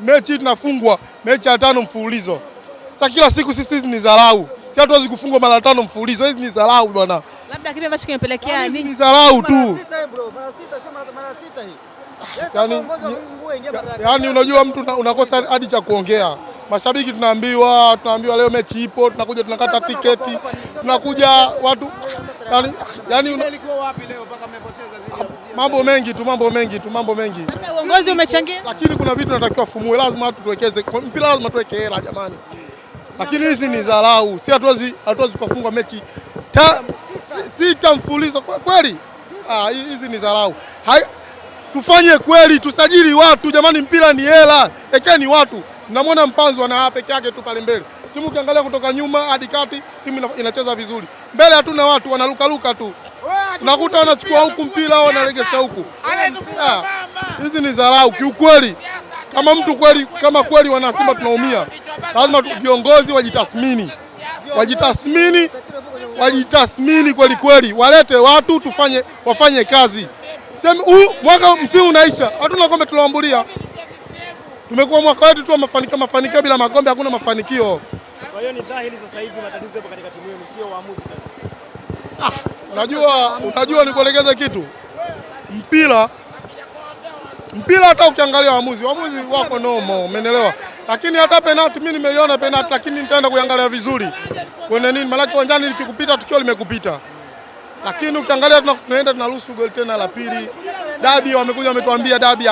mechi tunafungwa mechi ya tano mfululizo. Sasa kila siku sisi hizi ni dharau, si hatuwezi kufungwa mara tano mfululizo. Hizi ni dharau bwana, labda kipi ambacho kimepelekea yaani nini? Ni dharau tu yaani, yaani, yaani unajua mtu unakosa hadi cha kuongea. Mashabiki tunaambiwa tunaambiwa leo mechi ipo, tunakuja tunakata tiketi, tunakuja watu yaani, yaani mambo mengi tu, mambo mengi tu, mambo mengi. Labda uongozi umechangia, lakini kuna vitu natakiwa fumue, lazima tuwekeze mpira, lazima tuweke hela jamani, lakini hizi ni dharau, si hatuwezi hatuwezi kufungwa mechi ta, sita mfululizo kweli. Ah, hizi ni dharau. Tufanye kweli, tusajili watu jamani, mpira ni hela, ekeni watu. Namwona Mpanzu ana peke yake tu pale mbele timu, ukiangalia kutoka nyuma hadi kati timu inacheza vizuri, mbele hatuna watu, wanalukaluka tu nakuta wanachukua huku mpira au wanaregesha huku. Ah, hizi ni dharau kiukweli. Kama mtu kweli, kama kweli wanasimba tunaumia, lazima viongozi wajitathmini, wajitathmini, wajitathmini kweli kweli, walete watu tufanye, wafanye kazi. Sema huu mwaka msimu unaisha, hatuna kombe tuloambulia. Tumekuwa mwaka wetu tu mafanikio, mafanikio bila makombe hakuna mafanikio. Kwa hiyo ni dhahiri sasa hivi matatizo yapo katika timu yenu, sio waamuzi tena. Ah. Najua, unajua nikuelekeze kitu, mpira mpira, hata ukiangalia waamuzi waamuzi wako nomo, umeelewa? Lakini hata penalti mimi nimeiona penalti, lakini nitaenda kuiangalia vizuri kwenye nini, maana uwanjani nikikupita tukio limekupita, lakini ukiangalia tunaenda tunaruhusu goli tena la pili dabi wamekuja wametuambia dabi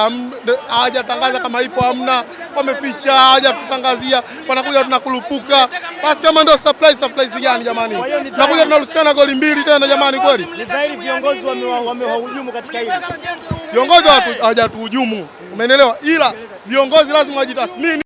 hawajatangaza kama ipo hamna, wameficha hawajatutangazia, wanakuja tunakulupuka Basi kama ndio surprise, surprise gani jamani? Nakuja tunarushana goli mbili tena jamani, kweli ni dhahiri viongozi wamewahujumu katika hili. Viongozi hawajatuhujumu, umeelewa, ila viongozi lazima wajitathmini.